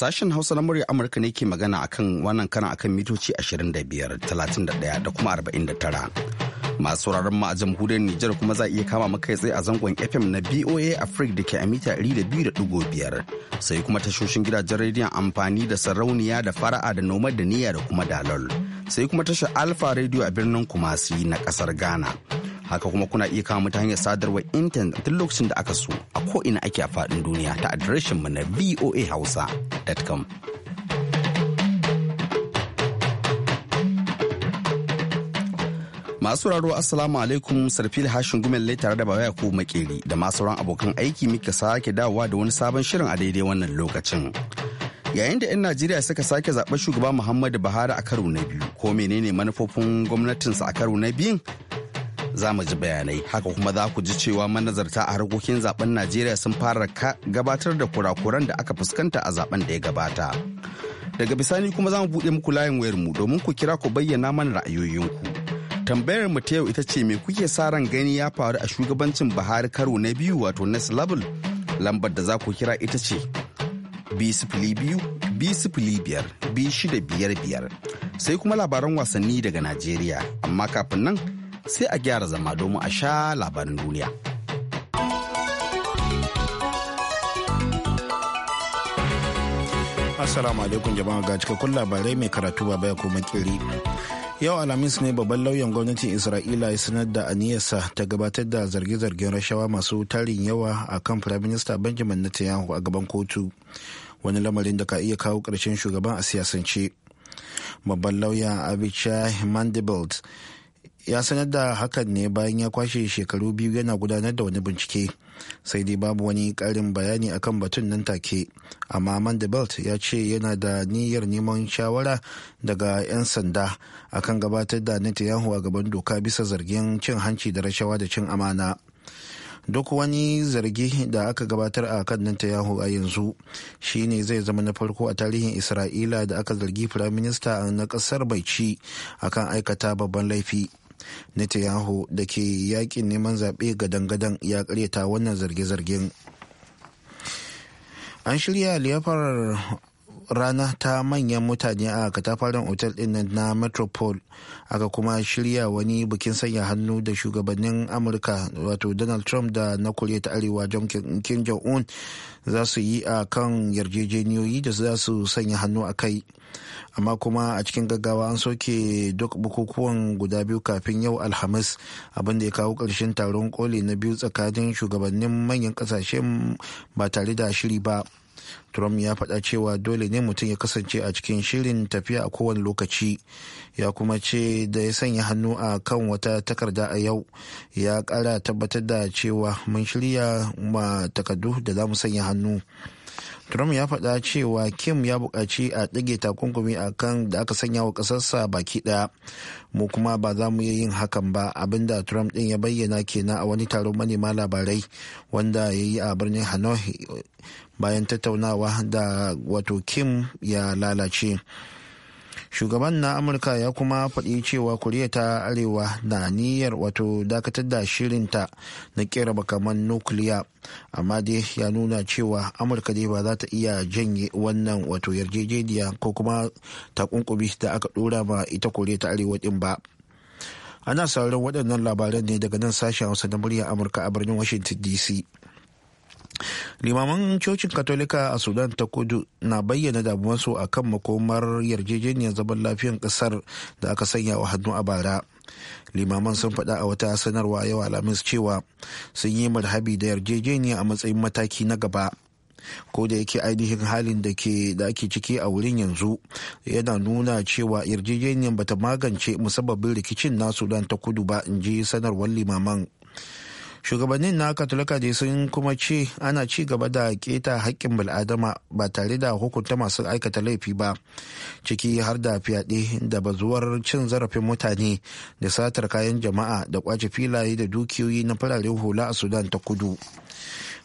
Sashen Hausa na murya Amurka ne ke magana akan wannan kana akan mitoci 25, 31 da kuma 49. Masu sauraron mu a jamhuriyar Nijar kuma za a iya kama maka tsaye a zangon FM na BOA Africa da ke a mita 200.5 sai kuma tashoshin gidajen rediyon amfani da sarauniya da fara'a da nomad da niyya da kuma dalol. Sai kuma tashar alfa Radio a birnin Kumasi na kasar Ghana. haka kuma kuna iya kawo ta hanyar sadarwar intanet duk lokacin da aka so a ko'ina ake a faɗin duniya ta adireshin mu na voahausa.com masu raro assalamu alaikum sarfil hashin gumel tare da baya ko makeri da masu sauran abokan aiki muka sake dawowa da wani sabon shirin a daidai wannan lokacin yayin da 'yan najeriya suka sake zaɓen shugaba muhammadu buhari a karo na biyu ko menene manufofin gwamnatinsa a karo na biyun za mu ji bayanai haka kuma za ku ji cewa manazarta a harkokin zaben najeriya sun fara gabatar da kurakuran da aka fuskanta a zaben da ya gabata daga bisani kuma za mu buɗe muku layin wayar mu domin ku kira ku bayyana mana ra'ayoyinku tambayar mu ta yau ita ce me kuke sa ran gani ya faru a shugabancin buhari karo na biyu wato next level lambar da za ku kira ita ce b biyu b biyar b shida biyar biyar sai kuma labaran wasanni daga najeriya amma kafin nan sai a gyara zama domin a sha labarin duniya. Assalamu alaikum jama'a ga cikakkun labarai mai karatu baba ya kuma kiri. Yau Alhamis ne babban lauyan gwamnatin Isra'ila ya sanar da aniyarsa ta gabatar da zarge-zargen rashawa masu tarin yawa a kan Firaminista Benjamin Netanyahu a gaban kotu. Wani lamarin da ka iya kawo ƙarshen shugaban a siyasance. Babban lauya Abichai Mandelblit ya sanar da hakan ne bayan ya kwashe shekaru biyu yana gudanar da wani bincike sai dai babu wani karin bayani akan batun nan take amma mandebelt ya ce yana da niyyar neman shawara daga 'yan sanda akan gabatar da netanyahu a gaban doka bisa zargin cin hanci da rashawa da cin amana duk wani zargi da aka gabatar a kan Netanyahu a yanzu shine zai zama na farko a tarihin Isra'ila da aka zargi firaminista na kasar mai ci akan aikata babban laifi. Netanyahu da ke yakin neman zaɓe ga dangadan ya karyata wannan zarge-zargen. An shirya liyafar rana ta manyan mutane a katafaren otel din na metropole aka kuma shirya wani bikin sanya hannu da shugabannin amurka wato donald trump da na koriya ta arewa kim jong-un za su yi a kan yarjejeniyoyi da za su sanya hannu a kai amma kuma a cikin gaggawa an soke duk bukukuwan guda biyu kafin yau alhamis abinda ya kawo ƙarshen taron koli na biyu tsakanin shugabannin manyan ƙasashe ba tare da shiri ba trump ya faɗa cewa dole ne mutum ya kasance a cikin shirin tafiya a kowane lokaci ya kuma ce da ya sanya hannu a kan wata takarda a yau ya ƙara tabbatar da cewa mun shirya ma takardu da za mu sanya hannu trump ya faɗa cewa kim ya buƙaci a ɗage takunkumi a kan da aka sanya wa ƙasarsa baki ɗaya mu kuma ba za mu yin hakan ba abinda trump ɗin ya bayyana kenan a wani taron manema labarai wanda ya yi a birnin hanoi bayan tattaunawa da wato kim ya lalace shugaban na amurka ya kuma faɗi cewa koriya ta arewa na niyyar wato dakatar da shirinta na kera makaman nukiliya amma dai ya nuna cewa amurka dai ba za ta iya janye wannan wato yarjejeniya ko kuma takunkumi da aka ɗora ma ita koriya ta arewa din ba ana sauran waɗannan labaran ne daga nan sashen hausa na murya amurka a birnin washington dc limaman cocin katolika a sudan ta kudu na bayyana damuwarsu a kan makomar yarjejeniyar zaman lafiyan kasar da aka sanya wa hannu a bara limaman sun faɗa a wata sanarwa yau alhamis cewa sun yi marhabi da yarjejeniya a matsayin mataki na gaba ko da yake ainihin halin da ke da ake ciki a wurin yanzu yana nuna cewa yarjejeniyar bata magance musabbabin rikicin na sudan ta kudu ba in ji sanarwar limaman shugabannin na katolika dai sun kuma ce ana ci gaba da keta haƙƙin bil'adama ba tare da hukunta masu aikata laifi ba ciki har da fyaɗe da bazuwar cin zarafin mutane da satar kayan jama'a da kwace filaye da dukiyoyi na fararen hula a sudan ta kudu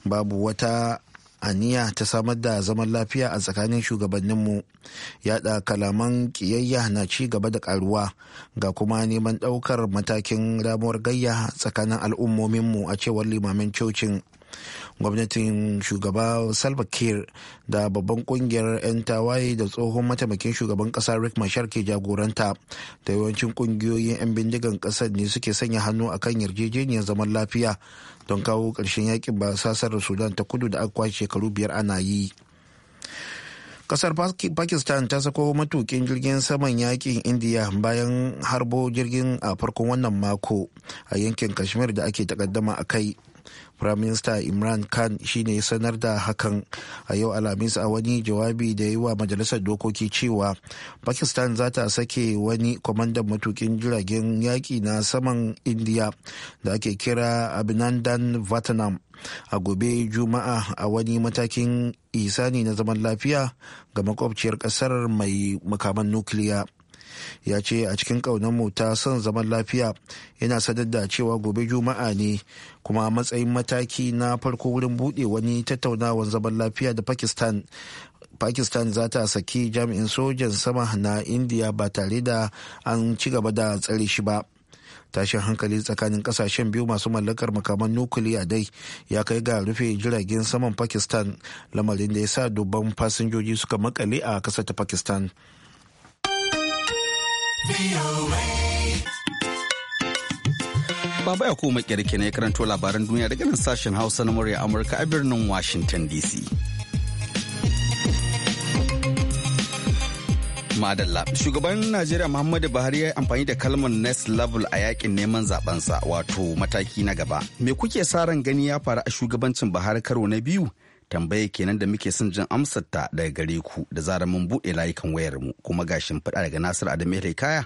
babu wata aniya ta samar da zaman lafiya a tsakanin shugabanninmu yada kalaman kiyayya na ci gaba da karuwa ga kuma neman daukar matakin ramuwar gayya tsakanin al'ummominmu a cewar limamin cocin gwamnatin shugaba salva kiir da babban kungiyar 'yan tawaye da tsohon mataimakin shugaban kasa rick mashar ke jagoranta da yawancin kungiyoyin 'yan bindigan kasar ne suke sanya hannu akan yarjejeniyar zaman lafiya don kawo ƙarshen yakin basasar sudan ta kudu da aka kwashe shekaru biyar ana yi kasar pakistan ta sako matukin jirgin saman yakin indiya bayan harbo jirgin a farkon wannan mako a yankin kashmir da ake takaddama a kai prime minister imran khan shine ya sanar da hakan a yau alhamis a wani jawabi da ya yi wa majalisar dokoki cewa pakistan za ta sake wani kwamandan matukin jiragen yaƙi na saman india da ake kira abinandan vatanam a gobe juma'a a wani matakin isani na zaman lafiya ga makwabciyar kasar mai makaman nukiliya ya ce a cikin mu ta son zaman lafiya yana sanar da cewa gobe juma'a ne kuma matsayin mataki na farko wurin buɗe wani tattaunawar zaman lafiya da pakistan pakistan za ta saki jami'in sojan sama na indiya ba tare da an ci gaba da tsare shi ba tashin hankali tsakanin kasashen biyu masu mallakar makaman nukiliya dai ya kai ga rufe jiragen saman pakistan lamarin da ya sa dubban fasinjoji suka makale a kasa ta pakistan Baba ya kuma kirki ne karanto labaran duniya daga nan sashen Hausa na murya Amurka a birnin Washington DC. Madalla. Shugaban Najeriya Muhammadu Buhari ya yi amfani da kalmar next level a yakin neman zabensa wato mataki na gaba. Me kuke sa ran gani ya faru a shugabancin Buhari karo na biyu? tambaya kenan da muke son jin amsar ta daga gare ku da zarar mun buɗe layukan wayar mu kuma ga shimfiɗa daga Nasir Adamu kaya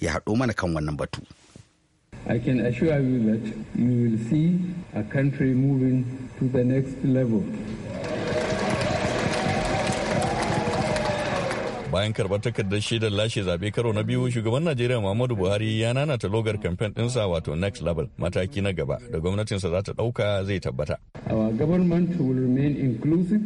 ya haɗo mana kan wannan batu. I can assure you that we will see a country moving to the next level. bayan karbar takardar shaidar lashe zaɓe karo na biyu shugaban najeriya muhammadu buhari ya nanata logar kamfen ɗinsa wato next level mataki na gaba da gwamnatinsa za ta ɗauka zai tabbata our government will remain inclusive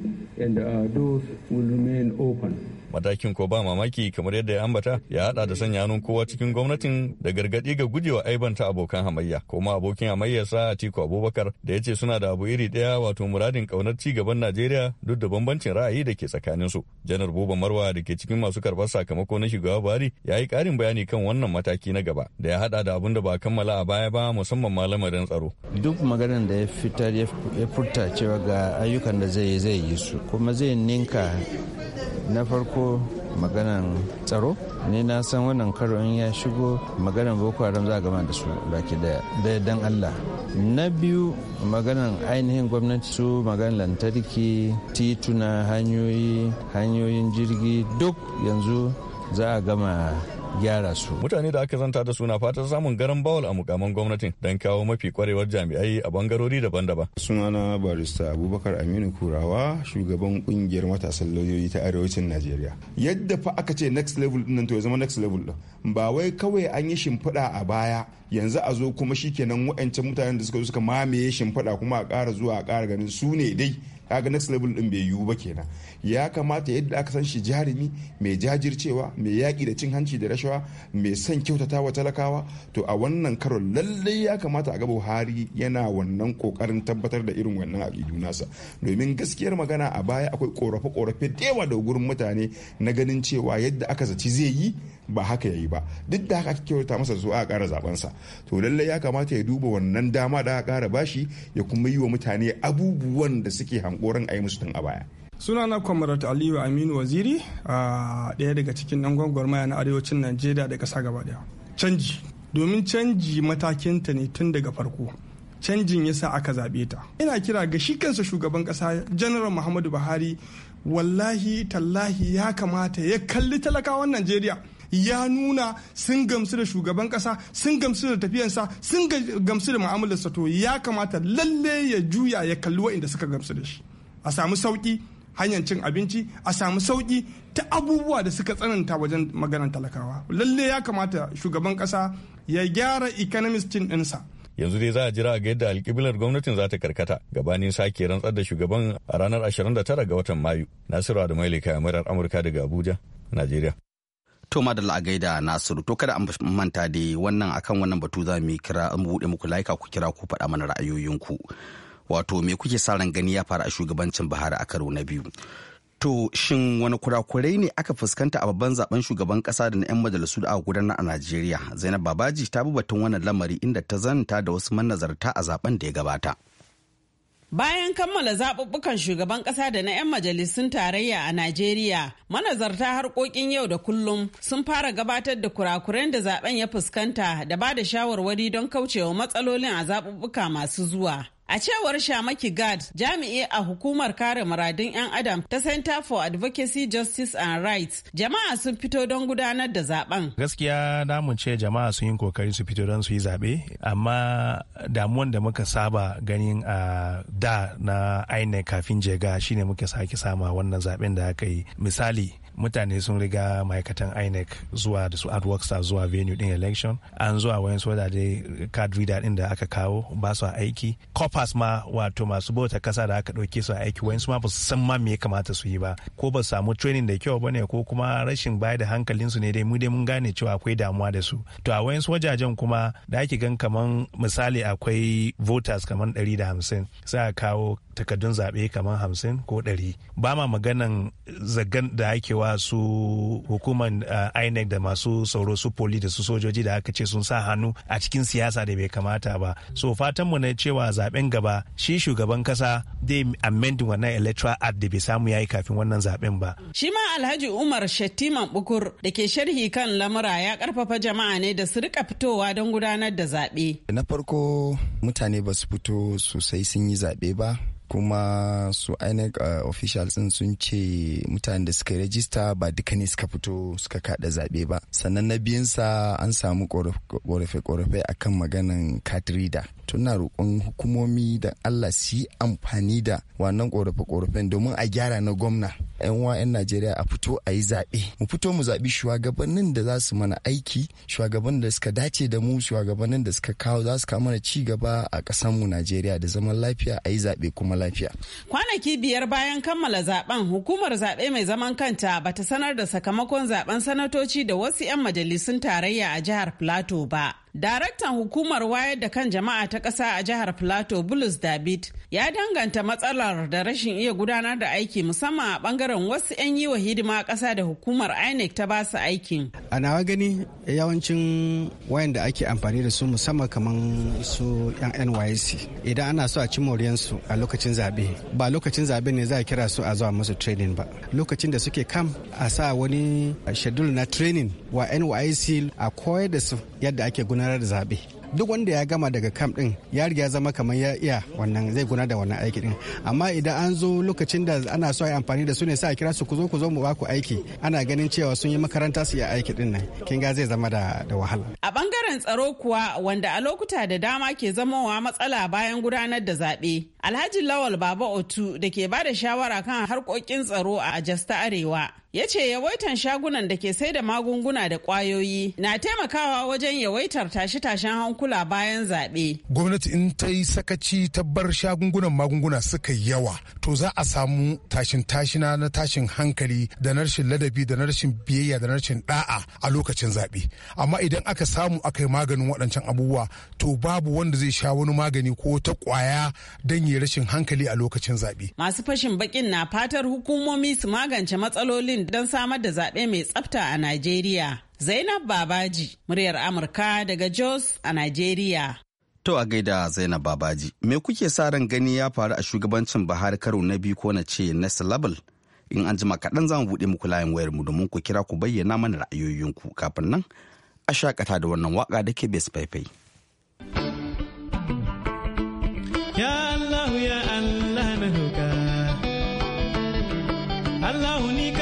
and our uh, doors will remain open matakin ko ba mamaki kamar yadda ya ambata ya hada da sanya hannun kowa cikin gwamnatin da gargadi ga gujewa aibanta abokan hamayya kuma abokin hamayyarsa Atiku Abubakar da ya ce suna da abu iri daya wato muradin kaunar ci gaban Najeriya duk da bambancin ra'ayi da ke tsakanin su Janar Buba Marwa da ke cikin masu karɓar sakamako na shugaba Buhari ya yi karin bayani kan wannan mataki na gaba da ya hada da abun da ba kammala a baya ba musamman ma lamarin tsaro. Duk maganar da ya fitar ya furta cewa ga ayyukan da zai yi zai yi su kuma zai ninka na farko farko maganan tsaro ne na san wannan karo in ya shigo maganan boko haram za a gama da su baki daya da dan allah na biyu maganan ainihin gwamnati su maganan lantarki tituna hanyoyi hanyoyin jirgi duk yanzu za a gama gyara su. Mutane da aka zanta da suna fatan samun garan bawal a mukaman gwamnatin don kawo mafi kwarewar jami'ai a bangarori daban-daban. Sunana barista Abubakar Aminu Kurawa shugaban kungiyar matasan lauyoyi ta arewacin Najeriya. Yadda fa aka ce next level din nan to ya zama next level din. Ba wai kawai an yi shimfiɗa a baya yanzu a zo kuma shi shikenan wa'ancan mutanen da suka zo suka mamaye shimfiɗa kuma a ƙara zuwa a ƙara ganin su ne dai kaga next level din bai yiwu ba kenan ya kamata yadda aka san shi jarumi mai jajircewa mai yaƙi da cin hanci da rashawa mai son kyautata wa talakawa to a wannan karo lallai ya kamata a ga buhari yana wannan kokarin tabbatar da irin wannan aƙidu nasa domin gaskiyar magana a baya akwai korafe-korafe da da gurin mutane na ganin cewa yadda aka zaci zai yi ba haka ya yi ba duk da haka kyauta masa zuwa a kara sa to lallai ya kamata ya duba wannan dama da aka kara bashi ya kuma yi wa mutane abubuwan da suke hankoran a yi musu tun a baya suna na kwamarat aliyu aminu waziri a ɗaya daga cikin ɗan gwagwarmaya na arewacin najeriya da kasa gaba ɗaya canji domin canji matakinta ne tun daga farko canjin yasa aka zaɓe ta ina kira ga shi kansa shugaban ƙasa janaral muhammadu buhari wallahi tallahi ya kamata ya kalli talakawan najeriya ya nuna sun gamsu da shugaban kasa sun gamsu da tafiyansa sun gamsu da mu'amalarsa to ya kamata lalle ya juya ya kalli waɗanda suka gamsu da shi a samu sauƙi hanyar cin abinci a samu sauƙi ta abubuwa da suka tsananta wajen maganar talakawa lalle ya kamata shugaban kasa ya gyara economist dinsa. yanzu dai za a jira ga yadda alkiblar gwamnatin za ta karkata gabanin sake rantsar da shugaban a ranar 29 ga watan mayu nasiru adamaili kayan murar amurka daga abuja najeriya To da a gaida Nasiru to kada an manta da wannan akan wannan batu za mu kira an buɗe muku laika ku kira ku faɗa mana ra'ayoyinku. Wato me kuke sa ran gani ya faru a shugabancin bahari a karo na biyu. To shin wani kurakurai ne aka fuskanta a babban zaben shugaban kasa da na 'yan majalisu da aka gudanar a Najeriya? Zainab Babaji ta bi batun wannan lamari inda ta zanta da wasu manazarta a zaben da ya gabata. Bayan kammala zaɓuɓɓukan shugaban ƙasa da na 'yan majalisun tarayya a Najeriya, manazarta harkokin yau da kullum sun fara gabatar da kurakuren da zaben ya fuskanta da ba da shawarwari don kaucewa matsalolin a zaɓuɓɓuka masu zuwa. A cewar Shamaki Gad, jami'i a hukumar kare muradun 'yan Adam ta Center for Advocacy, Justice and Rights, jama'a sun fito don gudanar da zaben. Gaskiya namun ce jama'a sun yi kokari su fito don su yi zaɓe, amma damuwan da muka saba ganin a da na INEC kafin jega shine muke sake sama wannan zaben da aka yi. Misali, mutane sun riga ma'aikatan inec zuwa da su a zuwa venue din election an zuwa wayan soja dai card reader din da aka kawo ba su aiki copas ma wato masu bauta kasa da aka ɗauke su aiki wayan su ma ba su san ma me ya kamata su yi ba ko ba su samu training da kyau bane ko kuma rashin bayar da hankalin su ne dai mu dai mun gane cewa akwai damuwa da su to a wayan wajajen kuma da ake gan kaman misali akwai voters kaman 150 sai a kawo takardun zaɓe kamar hamsin ko ɗari ba ma maganan zagan da ake wa su hukumar eh, inec da masu sauro su poli da su sojoji da aka ce sun sa hannu a cikin siyasa da bai kamata ba so fatanmu na cewa zaɓen gaba shi shugaban kasa dai amendin wannan electoral act da bai samu yayi kafin wannan zaɓen ba shi ma alhaji umar shattiman bukur da ke sharhi kan lamura ya karfafa jama'a ne da su rika fitowa don gudanar da zaɓe na farko mutane ba su fito sosai sun yi zaɓe ba kuma su inec uh, officials sun ce mutanen da suka rajista ba duka ne suka fito suka kada zaɓe ba sannan na biyunsa an samu korafe-korafe akan maganan card reader tuna roƙon hukumomi da allah su yi amfani da wannan ƙorafe-ƙorafen domin a gyara na gwamna yan wa najeriya a fito a yi zaɓe mu fito mu zaɓi shugabannin da za su mana aiki shugabannin da suka dace da mu shugabannin da suka kawo za su kawo mana ci gaba a ƙasarmu najeriya da zaman lafiya a yi zaɓe kuma lafiya kwanaki biyar bayan kammala zaɓen hukumar zaɓe mai zaman kanta ba ta sanar da sakamakon zaɓen sanatoci da wasu 'yan majalisun tarayya a jihar plateau ba Daraktan hukumar wayar da kan jama'a ta ƙasa a jihar Plateau Bulus David ya danganta matsalar da rashin iya gudanar da aiki musamman a bangaren wasu 'yan yi wa hidima ƙasa da hukumar INEC ta basu aikin. A nawa gani yawancin wayan da ake amfani da su musamman kamar su 'yan NYC idan ana so a ci moriyansu a lokacin zaɓe ba lokacin zaɓe ne za a kira su a zuwa musu training ba lokacin da suke kam a sa wani schedule na training wa NYC a koyar da su yadda ake gudanar gudanar da zaɓe duk wanda ya gama daga camp din ya riga zama kamar ya iya wannan zai gudanar da wannan aiki din amma idan an zo lokacin da ana so a yi amfani da su ne sai a kira su ku zo ku zo mu ba ku aiki ana ganin cewa sun yi makaranta su yi aiki din nan kin ga zai zama da wahala a bangaren tsaro kuwa wanda a lokuta da dama ke zamowa matsala bayan gudanar da zaɓe Alhaji Lawal Baba Otu da ke ba da shawara kan harkokin tsaro a ajasta Arewa ya ce yawaitan shagunan da ke sai da magunguna da kwayoyi na taimakawa wajen yawaitar tashe-tashen hankula bayan zaɓe. Gwamnati in ta yi sakaci ta bar shagungunan magunguna suka yawa to za a samu tashin tashina na tashin hankali da na rashin ladabi da na rashin biyayya da na rashin da'a a lokacin zaɓe. Amma idan aka samu aka yi maganin waɗancan abubuwa to babu wanda zai sha wani magani ko ta kwaya don yi rashin hankali a lokacin zaɓe. Masu fashin bakin na fatar hukumomi su magance matsalolin don samar da zaɓe mai tsafta a Najeriya. Zainab Babaji, muryar Amurka daga Jos a Najeriya. To a gaida Zainab Babaji, me kuke sa ran gani ya faru a shugabancin Buhari karo na biyu ko na ce next Level"? In an jima kaɗan za mu buɗe muku layin wayar mu domin ku kira ku bayyana mana ra'ayoyinku kafin nan a shakata da wannan waka da ke bes Yeah. Hello, ni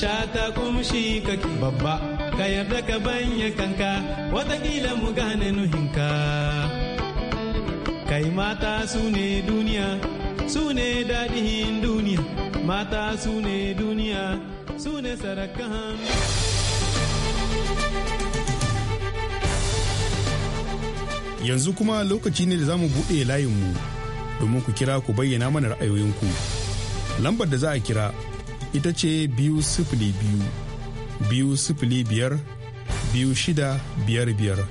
shata kuma shi kake babba ka yarda ka banya kanka watakila mu gane nuhinka kai mata su ne duniya su ne daɗin duniya mata su ne duniya su ne sarakan yanzu kuma lokaci ne da za mu buɗe layinmu domin ku kira ku bayyana mana ra'ayoyinku lambar da za a kira ita ce biyu sifili biyu biyu sifili biyar biyu shida biyar biyar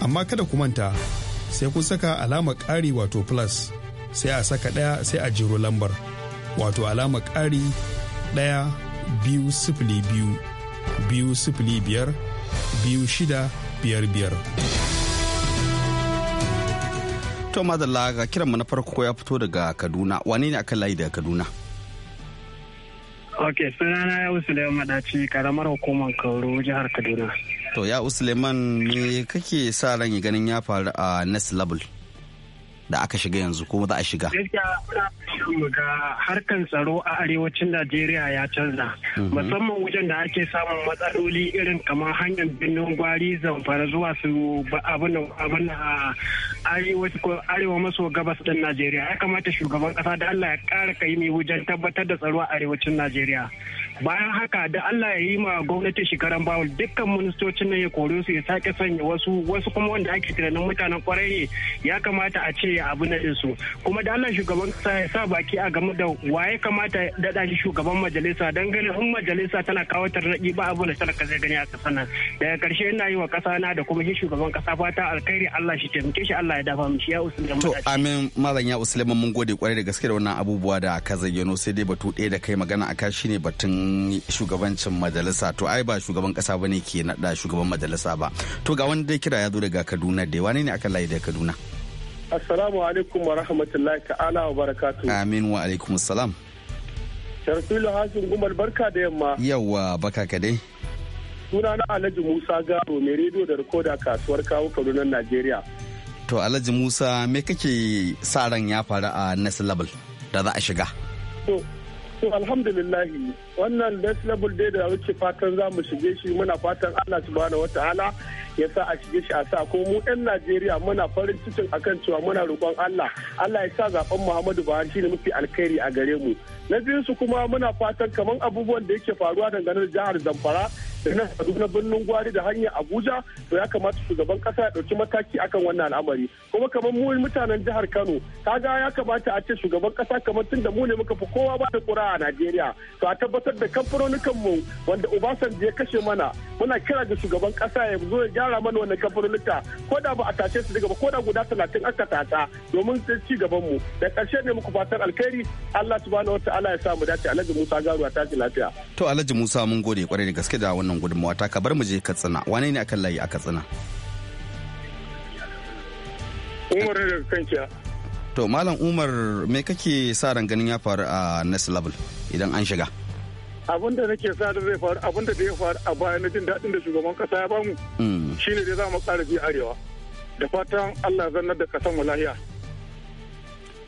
amma kada ku manta sai ku saka alama ƙari wato plus sai a saka ɗaya sai a jiro lambar wato alama ƙari ɗaya biyu sifili biyu biyu sifili biyar biyu shida biyar biyar. To madalla ga kiranmu na farko ya fito daga Kaduna wane ne akan layi daga Kaduna? Ok, sunana ya Suleiman maɗaci karamar hukumar Kauru, jihar Kaduna. To ya Suleiman me kake sa ran ganin ya faru a next level? da aka shiga yanzu kuma za a shiga? ga harkan tsaro a arewacin Najeriya ya canza mhm. musamman wajen da ake samun matsaloli irin kamar hanyar birnin gwari zamfara zuwa su abin a arewa maso gabas din Najeriya ya kamata shugaban kasa da Allah ya kara kaimi wajen tabbatar da tsaro a arewacin Najeriya. bayan haka da Allah ya yi ma gwamnati shekaran bawul dukkan ministocin nan ya kore su ya sake sanya wasu wasu kuma wanda ake tunanin mutanen kwarai ne ya kamata a ce abu na su kuma da Allah shugaban kasa ya sa baki a game da waye kamata daɗa shi shugaban majalisa dan ganin in majalisa tana kawo tarnaƙi ba abu da talaka zai gani a ƙasar nan daga karshe ina yi wa ƙasa na da kuma shi shugaban kasa fata alkhairi Allah shi taimake shi Allah ya dafa mu shi ya to amin malam ya usul mun gode kwarai da gaske da wannan abubuwa da ka zayyano sai dai batu ɗaya da kai magana akan shine batun shugabancin majalisa to ai ba shugaban kasa ba ne ke nada shugaban majalisa ba to ga wani dai kira ya zo daga Kaduna da wani ne aka layi daga Kaduna Assalamu alaikum wa rahmatullahi ta'ala wa barakatuh Amin wa alaikum salam Sharfilu Hasim Gumal barka da yamma yawa baka ka dai Suna na Alhaji Musa Garo mai rediyo da rikoda kasuwar kawo Kaduna Najeriya To Alhaji Musa me kake sa ran ya faru a next level da za a shiga To To alhamdulillahi wannan best level day da wuce fatan za mu shige shi muna fatan Allah subhanahu wataala ya sa a shige shi a sa ko mu 'yan Najeriya muna farin cikin akan cewa muna roƙon Allah Allah ya sa zaben Muhammadu Buhari shine mafi alkhairi a gare mu. Na biyu su kuma muna fatan kaman abubuwan da yake faruwa dangane da jihar Zamfara da na kaduna birnin gwari da hanyar abuja to ya kamata shugaban kasa ya dauki mataki akan wannan al'amari kuma kamar mu mutanen jihar kano kaga ya kamata a ce shugaban kasa kamar tun da mu ne muka fi kowa ba da kura a najeriya to a tabbatar da kamfanonikan mu wanda obasanjo ya kashe mana muna kira da shugaban kasa ya zo ya gyara mana wannan kamfanonika ko da ba a tashe su daga ba ko da guda talatin aka tata domin ci gaban mu da karshe ne muku fatan alkhairi Allah subhanahu wa ta'ala ya sa mu dace Alhaji Musa Garuwa ta lafiya to Alhaji Musa mun gode kwarai da gaske da wannan wannan gudunmawa ta ka bar mu je katsina wane ne akan layi a katsina umar da to malam umar me kake sa ran ganin ya faru a next level idan an shiga abin da nake sa da zai faru abin da ya faru a baya na jin daɗin da shugaban kasa ya bamu hmm. ne dai za mu ƙara bi arewa da fatan allah zannar da kasan mu lahiya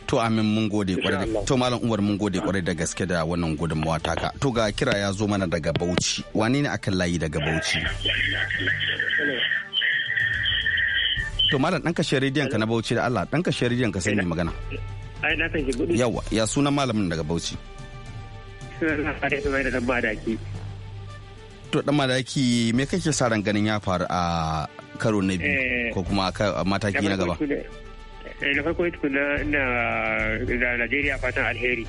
To amin mun gode kwarai da to malam Umar mun gode kwarai da gaske da wannan gudunmawa taka. To ga kira ya zo mana daga Bauchi. Wane ne akan layi daga Bauchi? To malam dan kashe rediyon ka na Bauchi da Allah dan kashe rediyon ka sai mai magana. Ai na gudu. Yawa ya sunan malamin daga Bauchi. To dan madaki me kake sa ran ganin ya faru a karo na biyu eh, ko kuma mataki na gaba? da eh, farko tukuna ina da najeriya fatan alheri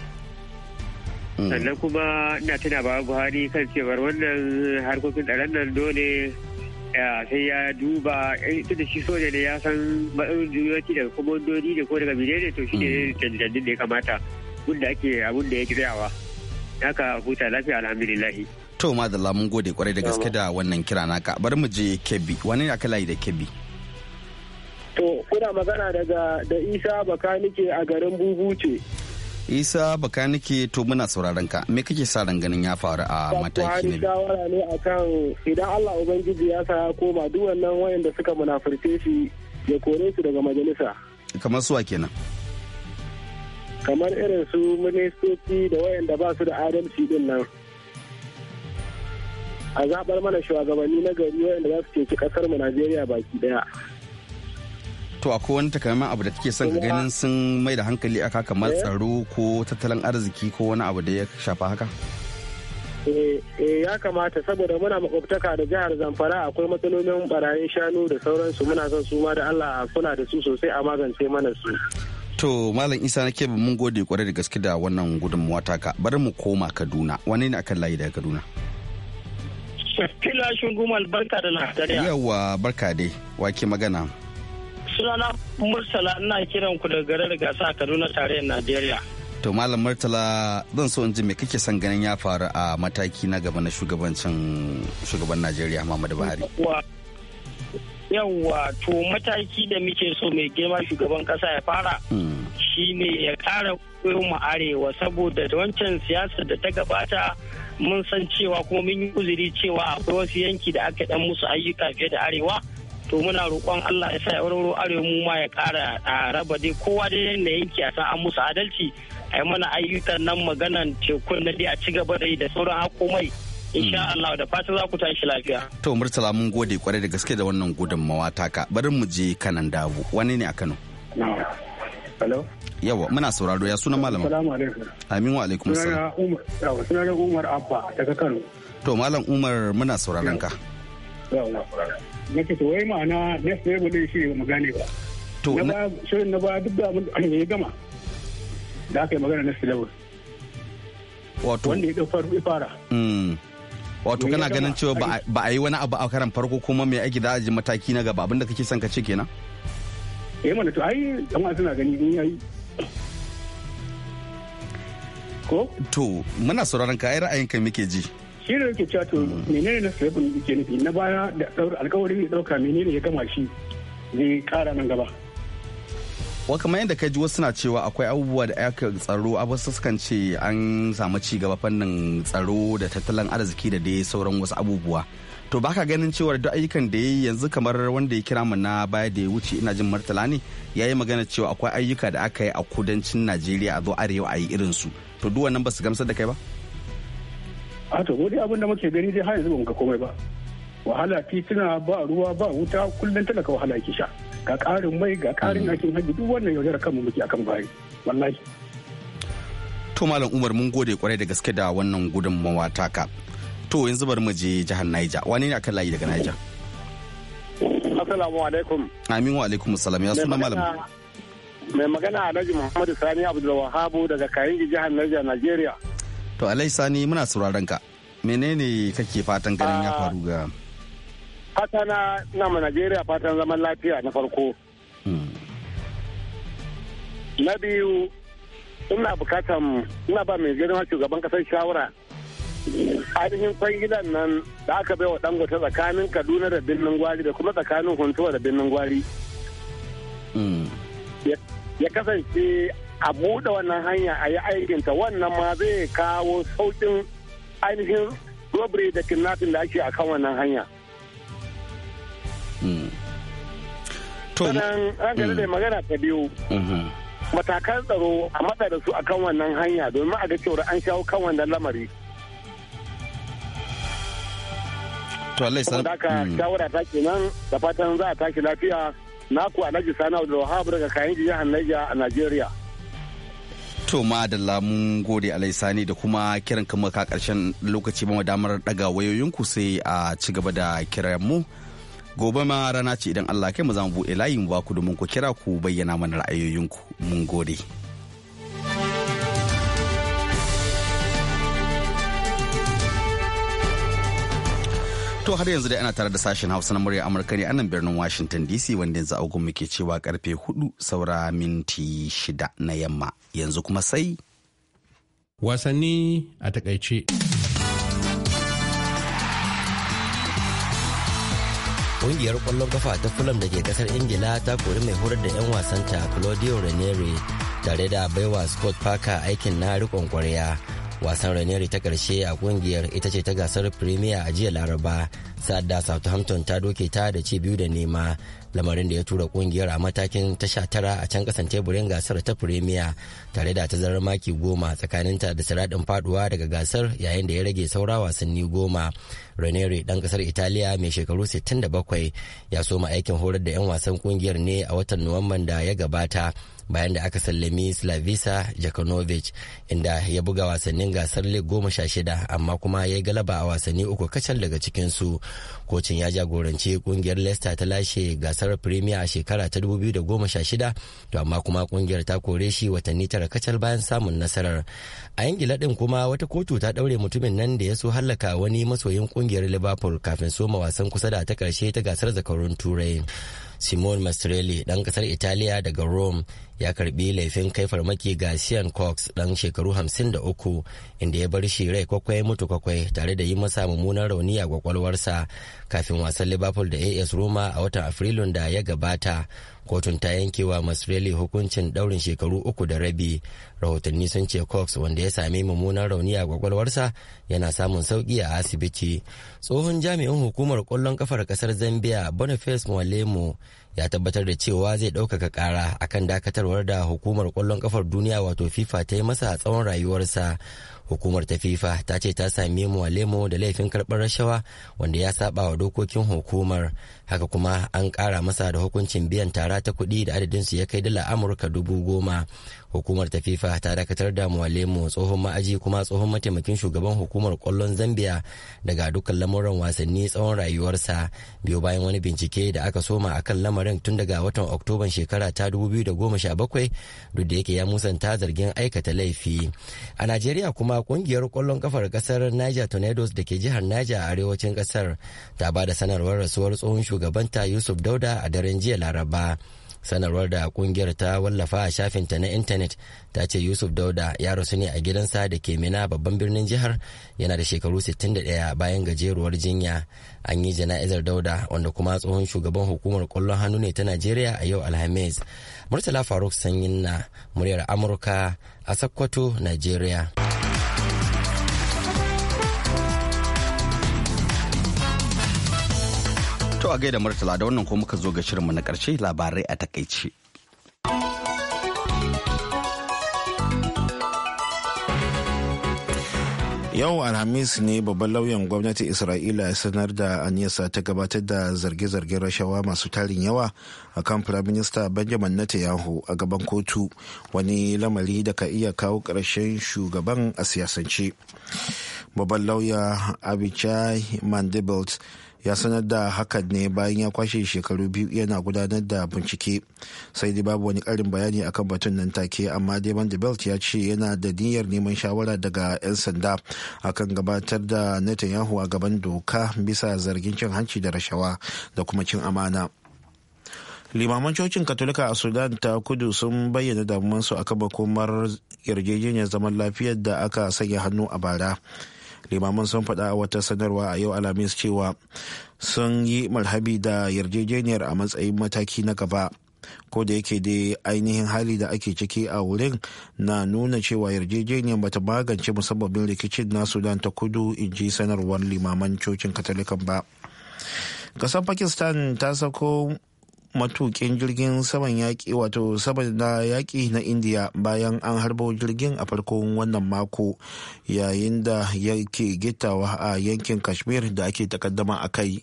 hmm. sannan kuma ina tuna ba buhari kan cewar wannan harkokin tsaron nan dole sai ya duba eh, da shi soja ne ya san matsayin daga komandodi da ko daga ne to shi ne hmm. canjin da ya kamata da ake abun da ya tsayawa haka huta lafiya alhamdulillahi to da lamun gode kwarai da gaske da wannan kira naka bari mu je kebbi wani aka layi da kebbi To, kuna magana daga da Isa Bakanike a garin Bubuce. Isa Bakanike to muna sauraron ka. Me kake sa ran ganin ya faru a mataki ne? shawara ne a kan idan Allah Ubangiji ya sa ya koma duk wannan da suka munafurce shi ya kore su daga majalisa. Kamar suwa kenan. Kamar irin su ministoci da wayanda ba su da adalci din nan. A zaɓar mana shugabanni na gari wayanda za su ceci ƙasar mu Najeriya baki daya. to akwai wani takamaiman abu da kake son ka ganin sun mai da hankali aka kamar tsaro ko tattalin arziki ko wani abu da ya shafa haka eh, eh, ya kamata saboda muna makwabtaka da jihar zamfara akwai matsalolin barayin shanu da sauransu muna son su ma da allah a kula da su sosai a magance mana su to malam isa na ba mun gode kwarai da gaske da wannan gudunmuwa taka bari mu koma kaduna wani ne akan layi daga kaduna Fila Gumal barka da lafiya. Yawa barka dai, wake magana. sunana murtala ina kiran ku daga garar gasa a kaduna tarayyar najeriya to malam murtala zan so in ji me kake son ganin ya faru a mataki na gaba na shugabancin shugaban najeriya muhammadu buhari yawwa to mataki da muke so mai girma shugaban kasa ya fara hmm. shi ne ya kara mu arewa saboda wancan siyasa da ta gabata mun san cewa kuma mun yi uzuri cewa akwai wasu yanki da aka dan musu ayyuka fiye da arewa to muna roƙon Allah ya sa ya arewa mu ma ya ƙara a raba dai kowa dai na yanki a san an musu adalci a yi mana ayyukan nan maganan tekun na dai a ci gaba da yi da sauran hakomai insha hmm. Allah da fatan za ku tashi lafiya. To Murtala mun gode kwarai da gaske da wannan gudunmawa taka bari mu je kanan dabu wani ne a Kano. Hello. Yawa muna sauraro ya sunan malama. Assalamu alaikum. Amin wa alaikum assalam. Sunana Umar Abba daga Kano. To malam Umar muna sauraron ka. Yawa. na ce wai ma'ana next level din shi mu gane ba to na ba shirin na ba duk da abin da ya gama da aka yi magana next level wato wanda ya ya fara mm. wato kana ganin cewa ba a yi wani abu a karan farko kuma mai aiki da aji mataki na gaba abinda kake son ka ce kenan eh mana to ai jama'a suna gani in yayi ko to muna sauraron ka ai ra'ayinka muke ji shi ne yake cewa to menene na sabon yake nufi na baya da alkawarin ya dauka menene ya gama shi zai kara nan gaba wa kamar yadda ka ji wasu na cewa akwai abubuwa da aka tsaro wasu sukan ce an samu ci gaba fannin tsaro da tattalin arziki da dai sauran wasu abubuwa to baka ganin cewa duk ayyukan da ya yanzu kamar wanda ya kira na baya da ya wuce ina jin martala ne ya yi magana cewa akwai ayyuka da aka yi a kudancin najeriya a zo arewa a yi irinsu to duk wannan ba su gamsar da kai ba a to gode abin da muke gani zai hana zuba ga komai ba wahala tituna ba ruwa ba wuta kullum talaka wahala ki sha ga karin mai ga karin mm. aikin hajji duk wannan da kanmu muke akan bayi wallahi to malam umar mun gode kwarai da gaske da wannan gudunmawa ka to yanzu bar mu je jihar Niger wani ne akan layi daga Niger Assalamu alaikum Amin wa alaikum salam ya suna malam Mai magana Alhaji Muhammadu Sani Abdul Wahabu daga Kayin jihar Niger Nigeria to alai sani muna sauraron ka menene kake fatan ganin ya ah. faru ga fata na nama najeriya fatan zaman lafiya na farko hmm. na biyu ina bukatan ina ba mai girma shugaban kasar shawara ainihin gidan nan da aka bai wa dangote tsakanin kaduna da birnin gwari da kuma tsakanin huntuwa da birnin gwari hmm. ya kasance a buɗe wannan hanya a yi aikinta wannan ma zai kawo sauƙin ainihin robbery da kidnapping da ake a kan wannan hanya. Hmm. Sannan hmm. an gani da magana ta biyu. Mm-hmm. Matakan tsaro a matsa da su a kan wannan hanya domin a ga cewa an shawo kan wannan lamari. To Allah ya sanar. Hmm. shawara ta kenan da fatan za a tashi lafiya. Naku Alhaji Sana'u da Wahabu daga kayan jihar Niger a Najeriya. to ma da lamun gode alai sani da kuma kiran kama ka karshen lokaci ba damar daga wayoyinku sai a ci gaba da kiran mu gobe ma rana ce idan allah kai mu za mu buɗe layin ba ku domin ku kira ku bayyana mana ra'ayoyinku mun gode. To har yanzu dai ana tare da sashen Hausa na murya Amurka ne a nan birnin Washington DC wanda yanzu agun muke cewa karfe hudu saura minti shida na yamma yanzu kuma sai. Wasanni a takaice. Ƙungiyar ƙwallon kafa ta Fulham da ke ƙasar Ingila ta kori mai horar da 'yan wasanta Claudio Ranieri tare da baiwa Scott Parker aikin na riƙon ƙwarya. wasan raneri ta karshe a kungiyar ita ce ta gasar premier a jiya laraba sa'adda southampton ta doke ta da ci biyu da nema lamarin da ya tura kungiyar a matakin ta sha tara a can kasan teburin gasar ta premier tare da tazarar maki goma tsakaninta da siradin faduwa daga gasar yayin da ya rage saura wasanni goma Ranieri dan kasar Italiya mai shekaru 67 ya soma aikin horar da 'yan wasan kungiyar ne a watan Nuwamban da ya gabata bayan da aka sallami slavisa jakanovic inda ya buga wasannin gasar lig goma sha shida amma kuma ya galaba a wasanni uku kacal daga cikinsu kocin ya jagoranci kungiyar leicester ta lashe gasar premier a shekara ta 2016 to amma kuma kungiyar ta kore shi watanni tara kacal bayan samun nasarar a ingila din kuma wata kotu ta daure mutumin nan da ya so hallaka wani masoyin kungiyar liverpool kafin soma wasan kusa da ta karshe ta gasar zakarun turai simon mastrelli ɗan ƙasar italiya daga rome ya karbi laifin kai farmaki ga sian cox ɗan shekaru 53 inda ya bar shi rai kwakwai mutu kwakwai tare da yi masa mummunan rauni a kwakwalwarsa kafin wasan liverpool da as roma a watan afrilun da ya gabata kotun ta yanke wa masreli hukuncin daurin shekaru uku da rabi rahotanni sun ce cox wanda ya sami mummunan rauni a kwakwalwarsa yana samun sauki a asibiti tsohon jami'in hukumar kwallon kafar kasar zambia boniface mwalemu ya tabbatar da cewa zai ɗaukaka ƙara akan dakatarwar da hukumar ƙwallon ƙafar duniya wato fifa ta yi masa tsawon rayuwarsa hukumar ta fifa ta ce ta sami muwalemo da laifin karɓar rashawa wanda ya saba wa dokokin hukumar haka kuma an ƙara masa da hukuncin biyan tara ta kuɗi da su ya kai dala amurka dubu goma hukumar ta fifa ta dakatar da muwalemo tsohon ma'aji kuma tsohon mataimakin shugaban hukumar kwallon zambia daga dukkan lamuran wasanni tsawon rayuwarsa biyo bayan wani bincike da aka soma akan lamarin lamarin tun daga watan oktoban shekara ta 2017 duk da yake ya musanta zargin aikata laifi a najeriya kuma kungiyar kwallon kafar kasar niger tornadoes da ke jihar niger a arewacin kasar ta ba da sanarwar rasuwar tsohon shugabanta yusuf dauda a daren jiya laraba sanarwar da kungiyar ta wallafa a shafinta na intanet ta ce yusuf dauda ya rasu ne a gidansa da ke mina babban birnin jihar yana da shekaru 61 bayan gajeruwar jinya an yi jana'izar dauda wanda kuma tsohon shugaban hukumar kwallon hannu ne ta najeriya a yau alhamis murtala faruk sanyin na muryar amurka a sakkwato najeriya To a gaida Murtala da wannan ko muka zo ga shirinmu na karshe labarai a takaice. yau alhamis ne babban lauyan gwamnati isra'ila ya sanar da aniyarsa ta gabatar da zarge-zargen rashawa masu tarin yawa a kan firaminista benjamin netanyahu a gaban kotu wani lamari da ka iya kawo ƙarshen shugaban a siyasance babban lauya abichai mandelblit ya sanar da hakan ne bayan ya kwashe shekaru biyu yana gudanar da bincike sai dai babu wani karin bayani akan batun nan take amma daban da belt ya ce yana da niyyar neman shawara daga 'yan sanda akan gabatar da netanyahu a gaban doka bisa zargin cin hanci da rashawa da kuma cin amana limaman cocin katolika a sudan ta kudu sun bayyana damuwansu akan makomar yarjejeniyar zaman lafiyar da aka sanya hannu a bara limaman sun faɗa a wata sanarwa a yau alhamis cewa sun yi marhabi da yarjejeniyar a matsayin mataki na gaba ko da yake dai ainihin hali da ake ciki a wurin na nuna cewa yarjejeniyar bata magance musabbabin rikicin na sudan ta kudu in ji sanarwar limaman cocin katolikan ba kasar pakistan ta sako matukin jirgin saman yaƙi wato saman na yaƙi na indiya bayan an harbo jirgin a farkon wannan mako yayin da yake gittawa a yankin kashmir da ake takaddama a kai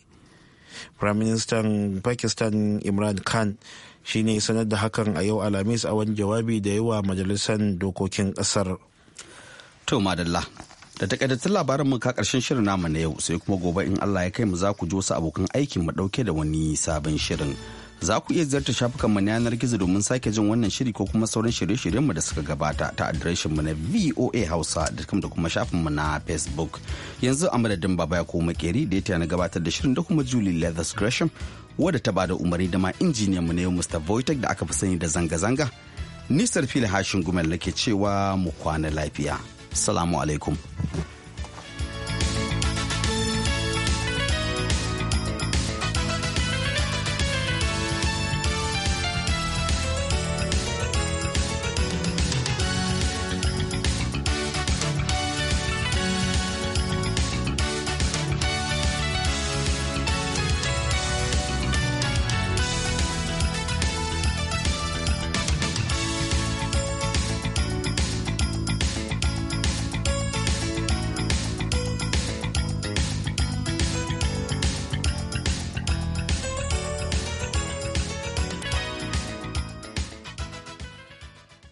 firaministan pakistan imran khan shi ne sanar da hakan a yau alhamis a wani jawabi da yawa majalisar dokokin kasar to madalla da takaitattun labarin mu ka karshen shirin namu na yau sai kuma gobe in allah ya kai mu za ku ji wasu abokan aikin mu dauke da wani sabon shirin za ku iya ziyarta shafukanmu na yanar gizo domin sake jin wannan shiri ko kuma sauran shirye-shiryenmu da suka gabata ta adireshinmu na voa hausa da kuma da kuma shafinmu na facebook yanzu a madadin baba ya koma makeri da ya na gabatar da shirin da kuma julie leathers gresham wadda ta bada umarni da ma injiniyanmu na yau mr voitek da aka fi sani da zanga-zanga nisar fili hashin gumel nake cewa mu kwana lafiya salamu alaikum